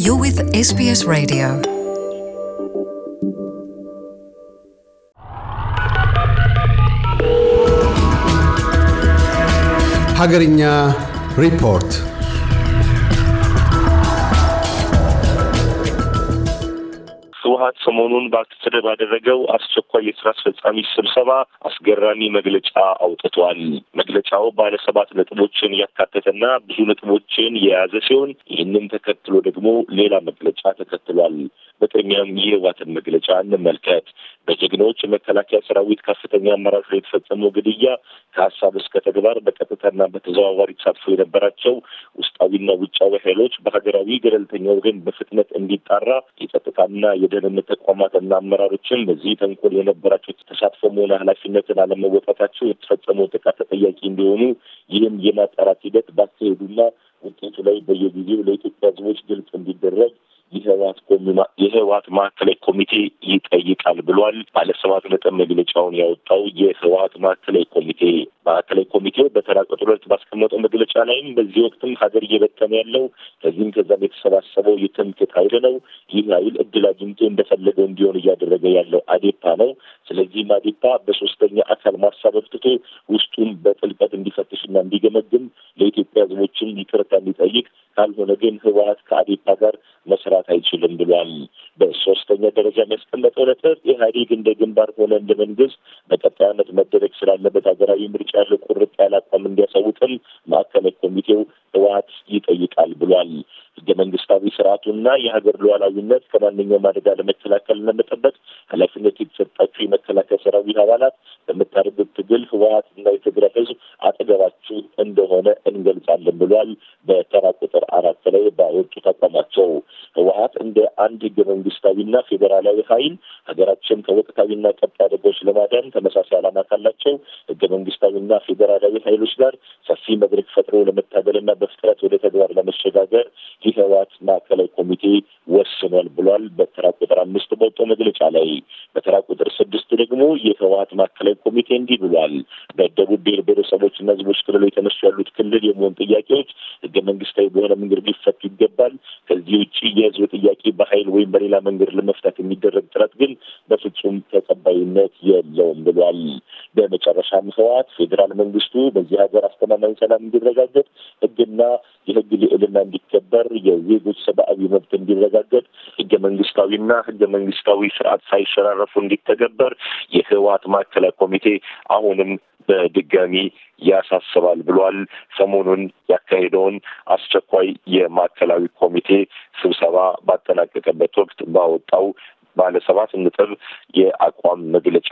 You're with SBS Radio. Hagarinya Report. ህወሀት ሰሞኑን በአስቸደ ባደረገው አስቸኳይ የስራ አስፈጻሚ ስብሰባ አስገራሚ መግለጫ አውጥቷል። መግለጫው ባለ ሰባት ነጥቦችን ያካተተና ብዙ ነጥቦችን የያዘ ሲሆን ይህንን ተከትሎ ደግሞ ሌላ መግለጫ ተከትሏል። በቅድሚያም የህወሓትን መግለጫ እንመልከት። በጀግኖች የመከላከያ ሰራዊት ከፍተኛ አመራር ላይ የተፈጸመው ግድያ ከሀሳብ እስከ ተግባር በቀጥታና በተዘዋዋሪ ተሳትፎ የነበራቸው ውስጣዊና ውጫዊ ኃይሎች በሀገራዊ ገለልተኛ ወገን በፍጥነት እንዲጣራ የጸጥታና የደህንነት ተቋማትና አመራሮችን በዚህ ተንኮል የነበራቸው ተሳትፎ መሆነ ኃላፊነትን አለመወጣታቸው የተፈጸመው ጥቃት ተጠያቂ እንዲሆኑ ይህም የማጣራት ሂደት ባካሄዱና ውጤቱ ላይ በየጊዜው ለኢትዮጵያ ህዝቦች ግልጽ እንዲደረግ የህወሀት ማዕከላዊ ኮሚቴ ይጠይቃል ብሏል። ባለ ሰባት ነጥብ መግለጫውን ያወጣው የህወሀት ማዕከላዊ ኮሚቴ ማዕከላዊ ኮሚቴው በተራቀጡ ለት ባስቀመጠው መግለጫ ላይም በዚህ ወቅትም ሀገር እየበተነ ያለው ከዚህም ከዛም የተሰባሰበው የትምክህት ኃይል ነው። ይህ ኃይል እድል አግኝቶ እንደፈለገው እንዲሆን እያደረገ ያለው አዴፓ ነው። ስለዚህም አዴፓ በሶስተኛ አካል ማሳበብ ትቶ ውስጡን በጥልቀት እንዲፈትሽና እንዲገመግም ለኢትዮጵያ ህዝቦችም ይቅርታ እንዲጠይቅ ካልሆነ ግን ህወሀት ከአዲባ ጋር መስራት አይችልም ብሏል። በሶስተኛ ደረጃ የሚያስቀመጠው ነጥብ ኢህአዴግ እንደ ግንባር ሆነ እንደ መንግስት በቀጣይ ዓመት መደረግ ስላለበት ሀገራዊ ምርጫ ያለ ቁርጥ ያለ አቋም እንዲያሳውቅም ማዕከላዊ ኮሚቴው ህወሀት ይጠይቃል ብሏል። ህገ መንግስታዊ ስርዓቱና የሀገር ሉዓላዊነት ከማንኛውም አደጋ ለመከላከልና መጠበቅ ኃላፊነት የተሰጣቸው የመከላከያ ሰራዊት አባላት በምታደርጉት ትግል ህወሀት እና የትግራይ ህዝብ አጠገባችሁ እንደሆነ እንገልጻለን ብሏል። በተራ አራት ላይ ባወጡ ተቋማቸው ህወሀት እንደ አንድ ህገ መንግስታዊና ፌዴራላዊ ኃይል ሀገራችን ከወቅታዊና ቀጣይ አደጋዎች ለማዳን ተመሳሳይ ዓላማ ካላቸው ህገ መንግስታዊና ፌዴራላዊ ኃይሎች ጋር ሰፊ መድረክ ፈጥሮ ለመታገልና በፍጥረት ወደ ተግባር ለመሸጋገር ይህ ማዕከላዊ ኮሚቴ ወስኗል ብሏል። በተራ ቁጥር አምስት በወጣው መግለጫ ላይ በተራ ቁጥር ስድስት ደግሞ የህወሀት ማዕከላዊ ኮሚቴ እንዲህ ብሏል። በደቡብ ብሔር ብሔረሰቦችና ህዝቦች ክልሎ የተነሱ ያሉት ክልል የመሆን ጥያቄዎች ህገ መንግስታዊ በሆነ መንገድ ሊፈቱ ይገባል። ከዚህ ውጭ የህዝብ ጥያቄ በኃይል ወይም በሌላ መንገድ ለመፍታት የሚደረግ ጥረት ግን በፍጹም ተቀባይነት የለውም ብሏል። በመጨረሻም ህወሓት ፌዴራል መንግስቱ በዚህ ሀገር አስተማማኝ ሰላም እንዲረጋገጥ ህግና የህግ ልዕልና እንዲከበር የዜጎች ሰብአዊ መብት እንዲረጋገጥ ህገ መንግስታዊና ህገ መንግስታዊ ስርዓት ሳይሸራረፉ እንዲተገበር የህወሓት ማዕከላዊ ኮሚቴ አሁንም በድጋሚ ያሳስባል ብሏል። ሰሞኑን ያካሄደውን አስቸኳይ የማዕከላዊ ኮሚቴ ስብሰባ ባጠናቀቀበት ወቅት ባወጣው ባለ ሰባት ነጥብ የአቋም መግለጫ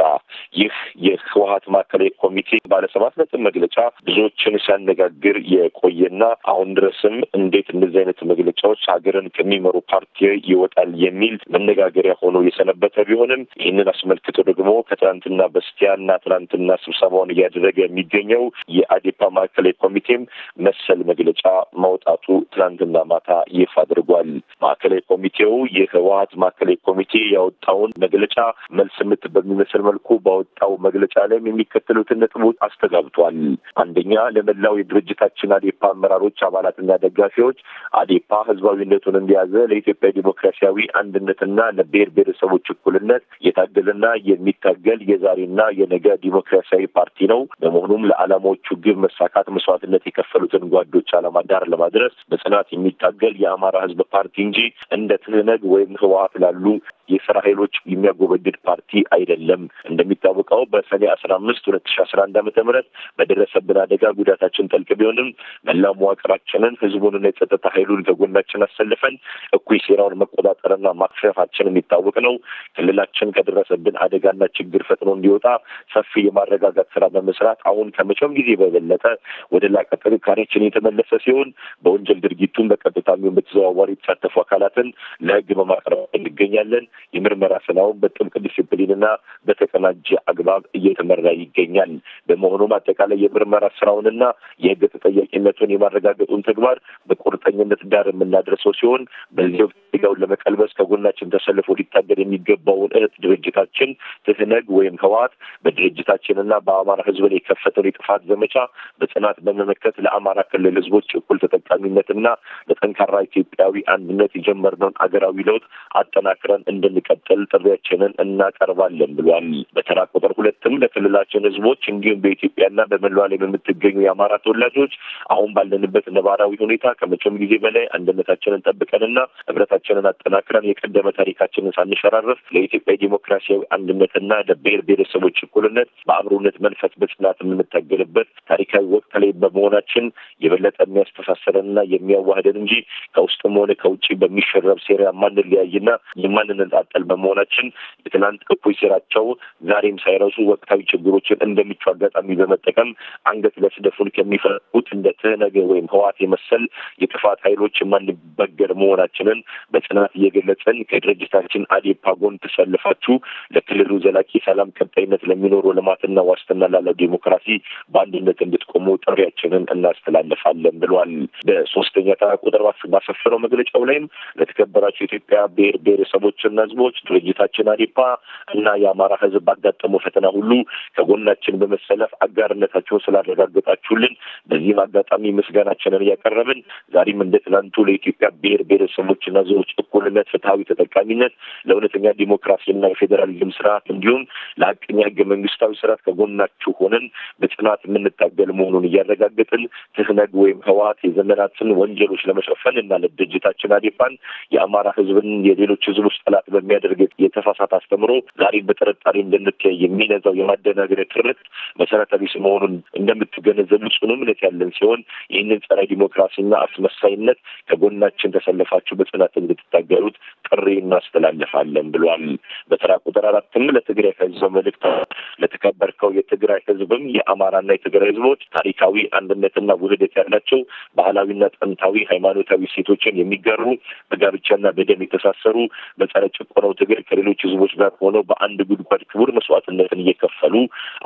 ይህ የህወሀት ማዕከላዊ ኮሚቴ ባለ ሰባት ነጥብ መግለጫ ብዙዎችን ሲያነጋግር የቆየና አሁን ድረስም እንዴት እንደዚህ አይነት መግለጫዎች ሀገርን ከሚመሩ ፓርቲ ይወጣል የሚል መነጋገሪያ ሆኖ የሰነበተ ቢሆንም ይህንን አስመልክቶ ደግሞ ከትናንትና በስቲያና ትናንትና ስብሰባውን እያደረገ የሚገኘው የአዴፓ ማዕከላዊ ኮሚቴም መሰል መግለጫ ማውጣቱ ትናንትና ማታ ይፋ አድርጓል። ማዕከላዊ ኮሚቴው የህወሀት ማዕከላዊ ኮሚቴ ያወጣውን መግለጫ መልስ ምት በሚመስል መልኩ ባወጣው መግለጫ ላይም የሚከተሉትን ነጥቦች አስተጋብቷል። አንደኛ ለመላው የድርጅታችን አዴፓ አመራሮች፣ አባላትና ደጋፊዎች አዴፓ ህዝባዊነቱን እንደያዘ ለኢትዮጵያ ዲሞክራሲያዊ አንድነትና ለብሔር ብሔረሰቦች እኩልነት የታገለና የሚታገል የዛሬና የነገ ዲሞክራሲያዊ ፓርቲ ነው። በመሆኑም ለዓላማዎቹ ግብ መሳካት መስዋዕትነት የከፈሉትን ጓዶች ዓላማ ዳር ለማድረስ በጽናት የሚታገል የአማራ ህዝብ ፓርቲ እንጂ እንደ ትህነግ ወይም ህወሀት ላሉ የስራ ኃይሎች የሚያጎበድድ ፓርቲ አይደለም። እንደሚታወቀው በሰኔ አስራ አምስት ሁለት ሺ አስራ አንድ አመተ ምህረት በደረሰብን አደጋ ጉዳታችን ጠልቅ ቢሆንም መላ መዋቅራችንን ህዝቡንና የጸጥታ ኃይሉን ከጎናችን አሰልፈን እኩይ ሴራውን መቆጣጠርና ማክሸፋችን የሚታወቅ ነው። ክልላችን ከደረሰብን አደጋና ችግር ፈጥኖ እንዲወጣ ሰፊ የማረጋጋት ስራ በመስራት አሁን ከመቼውም ጊዜ በበለጠ ወደ ላቀ ጥንካሬችን የተመለሰ ሲሆን በወንጀል ድርጊቱን በቀጥታ የሚሆን በተዘዋዋሪ የተሳተፉ አካላትን ለህግ በማቅረብ እንገኛለን። የምርመራ ስራውን በጥብቅ ዲስፕሊንና በተቀናጀ አግባብ እየተመራ ይገኛል። በመሆኑም አጠቃላይ የምርመራ ስራውንና የህግ ተጠያቂነቱን የማረጋገጡን ተግባር በቁርጠኝነት ዳር የምናደርሰው ሲሆን በዚህ ጋውን ለመቀልበስ ከጎናችን ተሰልፎ ሊታገል የሚገባውን እህት ድርጅታችን ትህነግ ወይም ህወሓት በድርጅታችንና በአማራ ህዝብ ላይ የከፈተውን የጥፋት ዘመቻ በጽናት በመመከት ለአማራ ክልል ህዝቦች እኩል ተጠቃሚነትና ለጠንካራ ኢትዮጵያዊ አንድነት የጀመርነውን አገራዊ ለውጥ አጠና አጠናክረን እንድንቀጥል ጥሪያችንን እናቀርባለን ብሏል። በተራ ቁጥር ሁለትም ለክልላችን ህዝቦች እንዲሁም በኢትዮጵያና በመላው ዓለም የምትገኙ የአማራ ተወላጆች አሁን ባለንበት ነባራዊ ሁኔታ ከመቼም ጊዜ በላይ አንድነታችንን ጠብቀንና ህብረታችንን አጠናክረን የቀደመ ታሪካችንን ሳንሸራረፍ ለኢትዮጵያ ዲሞክራሲያዊ አንድነትና ለብሔር ብሔረሰቦች እኩልነት በአብሮነት መንፈስ በጽናት የምንታገልበት ታሪካዊ ወቅት ላይ በመሆናችን የበለጠ የሚያስተሳሰረንና የሚያዋህደን እንጂ ከውስጥም ሆነ ከውጭ በሚሸረብ ሴራ ማንለያይና የማንነጣጠል በመሆናችን የትናንት እኩይ ስራቸው ዛሬም ሳይረሱ ወቅታዊ ችግሮችን እንደምቹ አጋጣሚ በመጠቀም አንገት ለስደፉን ከሚፈልጉት እንደ ትህነግ ወይም ህዋት የመሰል የጥፋት ኃይሎች የማንበገር መሆናችንን በጽናት እየገለጸን ከድርጅታችን አዴፓ ጎን ተሰልፋችሁ ለክልሉ ዘላቂ ሰላም ቀጣይነት ለሚኖረው ልማትና ዋስትና ላለው ዴሞክራሲ በአንድነት እንድትቆሙ ጥሪያችንን እናስተላልፋለን ብሏል። በሶስተኛ ተራ ቁጥር ባሰፈረው መግለጫው ላይም ለተከበራቸው ኢትዮጵያ ብሔር ብሔር ግለሰቦችና ህዝቦች ድርጅታችን አዲፓ እና የአማራ ህዝብ ባጋጠሙ ፈተና ሁሉ ከጎናችን በመሰለፍ አጋርነታቸውን ስላረጋገጣችሁልን በዚህም አጋጣሚ ምስጋናችንን እያቀረብን ዛሬም እንደ ትናንቱ ለኢትዮጵያ ብሔር ብሔረሰቦችና ህዝቦች እኩልነት፣ ፍትሐዊ ተጠቃሚነት፣ ለእውነተኛ ዲሞክራሲና የፌዴራሊዝም ስርዓት እንዲሁም ለሀቀኛ ህገ መንግስታዊ ስርዓት ከጎናችሁ ሆነን በጽናት የምንታገል መሆኑን እያረጋገጥን ትህነግ ወይም ህወሀት የዘመናትን ወንጀሎች ለመሸፈን እና ለድርጅታችን አዴፓን የአማራ ህዝብን የሌሎች ህዝብ ውስጥ ጠላት በሚያደርግ የተሳሳተ አስተምሮ ዛሬ በጥርጣሬ እንድንተያይ የሚነዛው የማደናገር ትርክት መሰረተ ቢስ መሆኑን እንደምትገነዘቡ ጽኑ እምነት ያለን ሲሆን ይህንን ጸረ ዲሞክራሲና አስመሳይነት ከጎናችን ተሰልፋችሁ በጽናት እንድትታገሉት ጥሪ እናስተላልፋለን ብሏል። በስራ ቁጥር አራትም ለትግራይ ህዝብ መልእክት ለተከበርከው የትግራይ ህዝብም የአማራና የትግራይ ህዝቦች ታሪካዊ አንድነትና ውህደት ያላቸው ባህላዊና ጥንታዊ ሃይማኖታዊ ሴቶችን የሚጋሩ በጋብቻና በደም የተሳሰሩ በጸረ ጭቆናው ትግል ከሌሎች ህዝቦች ጋር ሆነው በአንድ ጉድጓድ ክቡር መስዋዕትነትን እየከፈሉ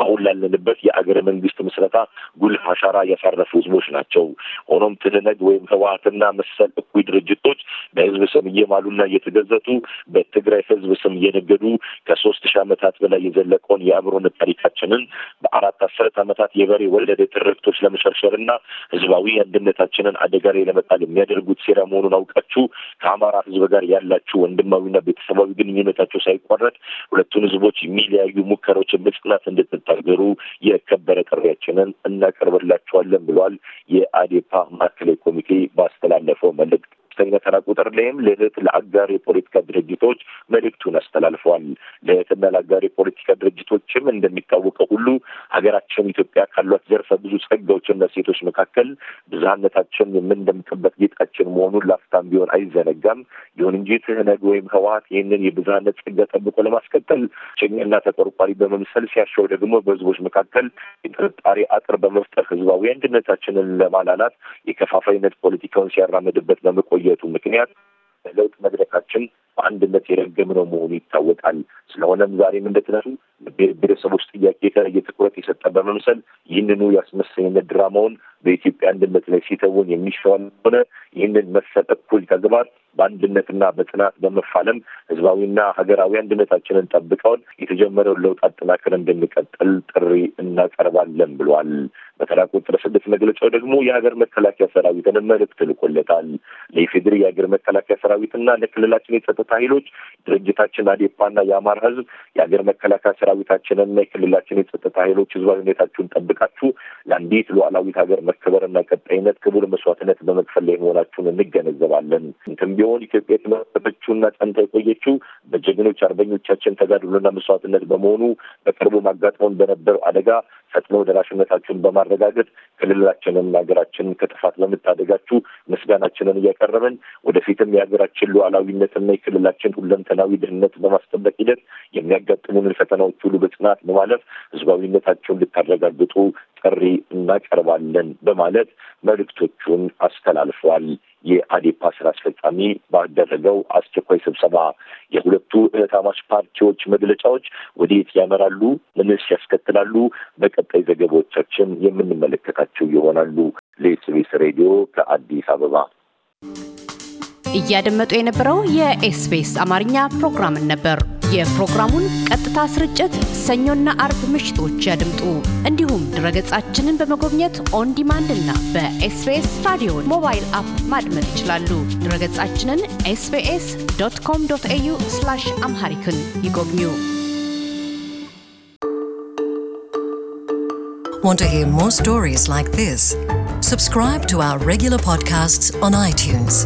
አሁን ላለንበት የአገረ መንግስት ምስረታ ጉልህ አሻራ ያሳረፉ ህዝቦች ናቸው። ሆኖም ትህነግ ወይም ህወሀትና መሰል እኩይ ድርጅቶች በህዝብ ስም እየማሉና የተገዘቱ በትግራይ ህዝብ ስም የነገዱ ከሶስት ሺህ ዓመታት በላይ የዘለቀውን የአብሮነት ታሪካችንን በአራት አስርት ዓመታት የበሬ ወለደ ትርክቶች ለመሸርሸርና ህዝባዊ አንድነታችንን አደጋ ላይ ለመጣል የሚያደርጉት ሴራ መሆኑን አውቃችሁ ከአማራ ህዝብ ጋር ያላችሁ ወንድማዊና ቤተሰባዊ ግንኙነታቸው ሳይቋረጥ ሁለቱን ህዝቦች የሚለያዩ ሙከራዎችን በጽናት እንድትታገሩ የከበረ ጥሪያችንን እናቀርብላችኋለን ብሏል የአዴፓ ማዕከላዊ ኮሚቴ ባስተላለፈው መልእክት። ከፍተኛ ተራ ቁጥር ላይም ለእህት ለአጋር የፖለቲካ ድርጅቶች መልእክቱን አስተላልፈዋል። ለእህትና ለአጋር የፖለቲካ ድርጅቶችም እንደሚታወቀው ሁሉ ሀገራችን ኢትዮጵያ ካሏት ዘርፈ ብዙ ጸጋዎችና ሴቶች መካከል ብዝሃነታችን የምንደምቅበት ጌጣችን መሆኑን ላፍታም ቢሆን አይዘነጋም። ይሁን እንጂ ትህነግ ወይም ህወሀት ይህንን የብዝሃነት ጸጋ ጠብቆ ለማስቀጠል ቸኝና ተቆርቋሪ በመምሰል ሲያሻው ደግሞ በህዝቦች መካከል የጥርጣሬ አጥር በመፍጠር ህዝባዊ አንድነታችንን ለማላላት የከፋፋይነት ፖለቲካውን ሲያራምድበት በመቆየ በመቆየቱ ምክንያት ለውጥ መድረካችን በአንድነት የረገምነው መሆኑ ይታወቃል። ስለሆነም ዛሬም እንደትነቱ ብሔረሰቦች ጥያቄ የተለየ ትኩረት የሰጠ በመምሰል ይህንኑ የአስመሳይነት ድራማውን በኢትዮጵያ አንድነት ላይ ሲተውን የሚሸዋል ሆነ ይህንን መሰል እኩል ተግባር በአንድነትና በጥናት በመፋለም ህዝባዊና ሀገራዊ አንድነታችንን ጠብቀውን የተጀመረውን ለውጥ አጠናክር እንድንቀጥል ጥሪ እናቀርባለን ብሏል። በተራ ቁጥር ስድስት መግለጫው ደግሞ የሀገር መከላከያ ሰራዊትን መልእክት ልኮለታል። ለኢፌድሪ የሀገር መከላከያ ሰራዊትና ለክልላችን የጸጥታ ኃይሎች ድርጅታችን አዴፓና የአማራ ህዝብ የሀገር መከላከያ ሰራዊት የሰራዊታችንና የክልላችን የጸጥታ ኃይሎች ህዝባዊ ሁኔታችሁን ጠብቃችሁ ለአንዲት ሉዓላዊት ሀገር መከበርና ቀጣይነት ክቡር መስዋዕትነት በመክፈል ላይ መሆናችሁን እንገነዘባለን። እንትን ቢሆን ኢትዮጵያ የተመሰረተችውና ጸንታ የቆየችው በጀግኖች አርበኞቻችን ተጋድሎና መስዋዕትነት በመሆኑ በቅርቡ ማጋጥመውን በነበረው አደጋ ፈጥኖ ደራሽነታችሁን በማረጋገጥ ክልላችንን ሀገራችንን ከጥፋት ለምታደጋችሁ ምስጋናችንን እያቀረብን ወደፊትም የሀገራችን ሉዓላዊነትና የክልላችን ሁለንተናዊ ደህንነት በማስጠበቅ ሂደት የሚያጋጥሙንን ፈተናዎች ሁሉ በጽናት በማለፍ ህዝባዊነታቸውን ልታረጋግጡ ጥሪ እናቀርባለን በማለት መልእክቶቹን አስተላልፈዋል። የአዴፓ ስራ አስፈጻሚ ባደረገው አስቸኳይ ስብሰባ የሁለቱ እህታማች ፓርቲዎች መግለጫዎች ወዴት ያመራሉ? ምንስ ያስከትላሉ? በቀጣይ ዘገባዎቻችን የምንመለከታቸው ይሆናሉ። ለኤስቢኤስ ሬዲዮ ከአዲስ አበባ እያደመጡ የነበረው የኤስቢኤስ አማርኛ ፕሮግራምን ነበር። የፕሮግራሙን ቀጥታ ስርጭት ሰኞና አርብ ምሽቶች ያድምጡ። እንዲሁም ድረገጻችንን በመጎብኘት ኦን ዲማንድ እና በኤስቤስ ራዲዮ ሞባይል አፕ ማድመጥ ይችላሉ። ድረገጻችንን ኤስቤስ ዶት ኮም ዶት ኤዩ አምሃሪክን ይጎብኙ። Want to hear more stories like this? Subscribe to our regular podcasts on iTunes.